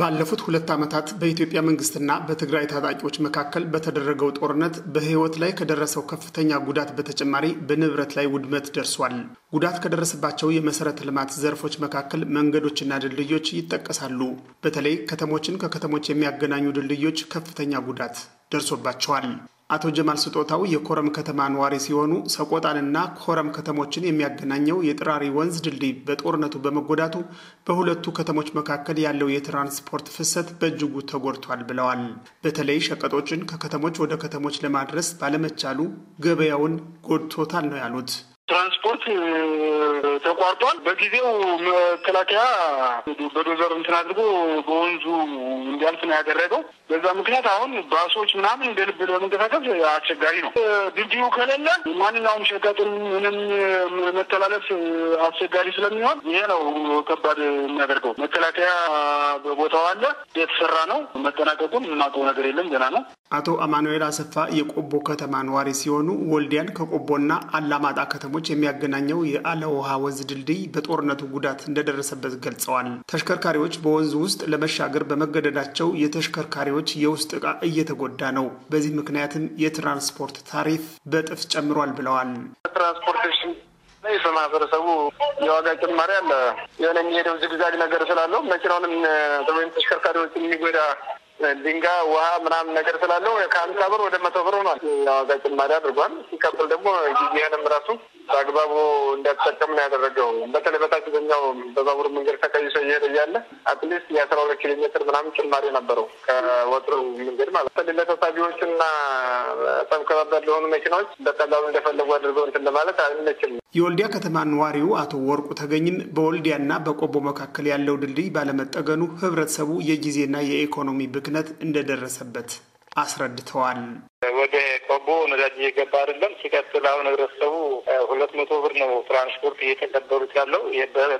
ባለፉት ሁለት ዓመታት በኢትዮጵያ መንግስትና በትግራይ ታጣቂዎች መካከል በተደረገው ጦርነት በህይወት ላይ ከደረሰው ከፍተኛ ጉዳት በተጨማሪ በንብረት ላይ ውድመት ደርሷል። ጉዳት ከደረሰባቸው የመሰረተ ልማት ዘርፎች መካከል መንገዶችና ድልድዮች ይጠቀሳሉ። በተለይ ከተሞችን ከከተሞች የሚያገናኙ ድልድዮች ከፍተኛ ጉዳት ደርሶባቸዋል። አቶ ጀማል ስጦታው የኮረም ከተማ ነዋሪ ሲሆኑ ሰቆጣንና ኮረም ከተሞችን የሚያገናኘው የጥራሪ ወንዝ ድልድይ በጦርነቱ በመጎዳቱ በሁለቱ ከተሞች መካከል ያለው የትራንስፖርት ፍሰት በእጅጉ ተጎድቷል ብለዋል። በተለይ ሸቀጦችን ከከተሞች ወደ ከተሞች ለማድረስ ባለመቻሉ ገበያውን ጎድቶታል ነው ያሉት። ትራንስፖርት ተቋርጧል። በጊዜው መከላከያ በዶዘር እንትን አድርጎ በወንዙ እንዲያልፍ ነው ያደረገው። በዛ ምክንያት አሁን ባሶች ምናምን እንደ ልብ ለመንቀሳቀስ አስቸጋሪ ነው። ድልድዩ ከሌለ ማንኛውም ሸቀጥን ምንም መተላለፍ አስቸጋሪ ስለሚሆን ይሄ ነው ከባድ የሚያደርገው። መከላከያ በቦታው አለ፣ የተሰራ ነው። መጠናቀቁን የምናውቀው ነገር የለም፣ ገና ነው። አቶ አማኑኤል አሰፋ የቆቦ ከተማ ነዋሪ ሲሆኑ ወልዲያን ከቆቦና አላማጣ ከተሞች ከተሞች የሚያገናኘው የአለ ውሃ ወንዝ ድልድይ በጦርነቱ ጉዳት እንደደረሰበት ገልጸዋል። ተሽከርካሪዎች በወንዙ ውስጥ ለመሻገር በመገደዳቸው የተሽከርካሪዎች የውስጥ ዕቃ እየተጎዳ ነው። በዚህ ምክንያትም የትራንስፖርት ታሪፍ በእጥፍ ጨምሯል ብለዋል። ትራንስፖርቴሽን በማህበረሰቡ የዋጋ ጭማሪ አለ። የሆነ የሚሄደው ዝግዛግ ነገር ስላለው መኪናውንም ተሽከርካሪዎች የሚጎዳ ድንጋይ፣ ውሃ ምናምን ነገር ስላለው ከሀምሳ ብር ወደ መቶ ብር ሆኗል። ዋጋ ጭማሪ አድርጓል። ሲቀጥል ደግሞ ጊዜህንም ራሱ በአግባቡ እንዳትጠቀም ነው ያደረገው። በተለይ በታችኛው በባቡር መንገድ ተቀይሶ እየሄደ እያለ አትሊስት የአስራ ሁለት ኪሎ ሜትር ምናምን ጭማሪ ነበረው ከወጥሮ መንገድ ማለት ለተሳቢዎችና በጣም ከባባድ ለሆኑ መኪናዎች በቀላሉ እንደፈለጉ አድርገው እንትን ለማለት አንችልም። የወልዲያ ከተማ ነዋሪው አቶ ወርቁ ተገኝም በወልዲያና በቆቦ መካከል ያለው ድልድይ ባለመጠገኑ ህብረተሰቡ የጊዜና የኢኮኖሚ ብክነት እንደደረሰበት አስረድተዋል። ወደ ቆቦ ነዳጅ እየገባ አይደለም። ሲቀጥል አሁን ህብረተሰቡ ሁለት መቶ ብር ነው ትራንስፖርት እየተቀበሉት ያለው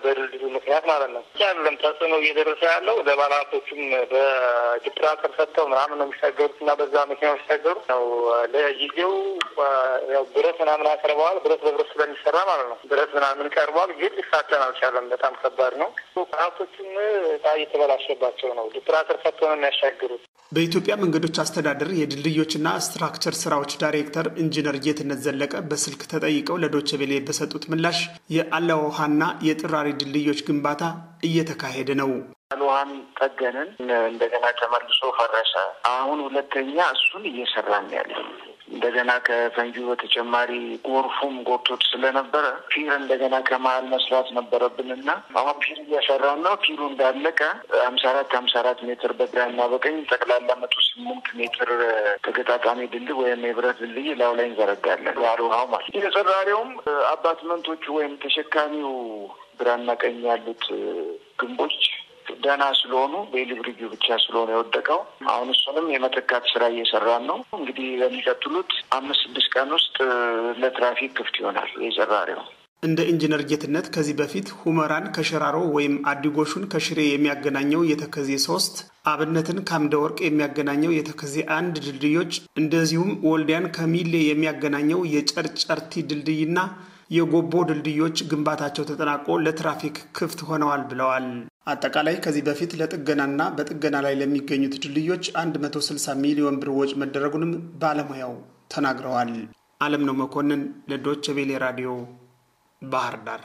በድልድሉ ምክንያት ማለት ነው። ያለም ተጽዕኖ እየደረሰ ያለው ለባለሀብቶቹም በጅብራተር ሰጥተው ምናምን ነው የሚሻገሩት እና በዛ መኪና ሲሻገሩ ነው። ለጊዜው ብረት ምናምን አቀርበዋል። ብረት በብረት ስለሚሰራ ማለት ነው። ብረት ምናምን ቀርቧል፣ ግን ሊሳተን አልቻለም። በጣም ከባድ ነው። ሀብቶችም እየተበላሸባቸው ነው። ጅብራተር ሰጥተው ነው የሚያሻግሩት። በኢትዮጵያ መንገዶች አስተዳደር የድልድዮችና ስትራክቸር ስራዎች ዳይሬክተር ኢንጂነር ጌትነት ዘለቀ በስልክ ተጠይቀው ለዶቼ በሰጡት ምላሽ የአለዋ ውሃና የጥራሪ ድልድዮች ግንባታ እየተካሄደ ነው። አለዋን ጠገንን፣ እንደገና ተመልሶ ፈረሰ። አሁን ሁለተኛ እሱን እየሰራን ያለ እንደገና ከፈንጂ በተጨማሪ ጎርፉም ጎርቶት ስለነበረ ፒር እንደገና ከመሀል መስራት ነበረብን እና አሁን ፒር እያሰራ ነው። ፒሩ እንዳለቀ ሀምሳ አራት ሀምሳ አራት ሜትር በግራና በቀኝ ጠቅላላ መቶ ስምንት ሜትር ተገጣጣሚ ድልድይ ወይም የብረት ድልድይ ላው ላይ እንዘረጋለን። ያሩሃው ማለት የጸራሪውም አባትመንቶቹ ወይም ተሸካሚው ግራና ቀኝ ያሉት ግንቦች ደህና ስለሆኑ ዴይሊ ብቻ ስለሆነ የወደቀው አሁን እሱንም የመተካት ስራ እየሰራን ነው። እንግዲህ በሚቀጥሉት አምስት ስድስት ቀን ውስጥ ለትራፊክ ክፍት ይሆናል የዘራሬው። እንደ ኢንጂነር ጌትነት ከዚህ በፊት ሁመራን ከሸራሮ ወይም አዲጎሹን ከሽሬ የሚያገናኘው የተከዜ ሶስት አብነትን ከአምደ ወርቅ የሚያገናኘው የተከዜ አንድ ድልድዮች እንደዚሁም ወልዲያን ከሚሌ የሚያገናኘው የጨርጨርቲ ድልድይና የጎቦ ድልድዮች ግንባታቸው ተጠናቆ ለትራፊክ ክፍት ሆነዋል ብለዋል። አጠቃላይ ከዚህ በፊት ለጥገናና በጥገና ላይ ለሚገኙት ድልድዮች 160 ሚሊዮን ብር ወጪ መደረጉንም ባለሙያው ተናግረዋል። አለም ነው መኮንን ለዶች ቬሌ ራዲዮ ባህር ዳር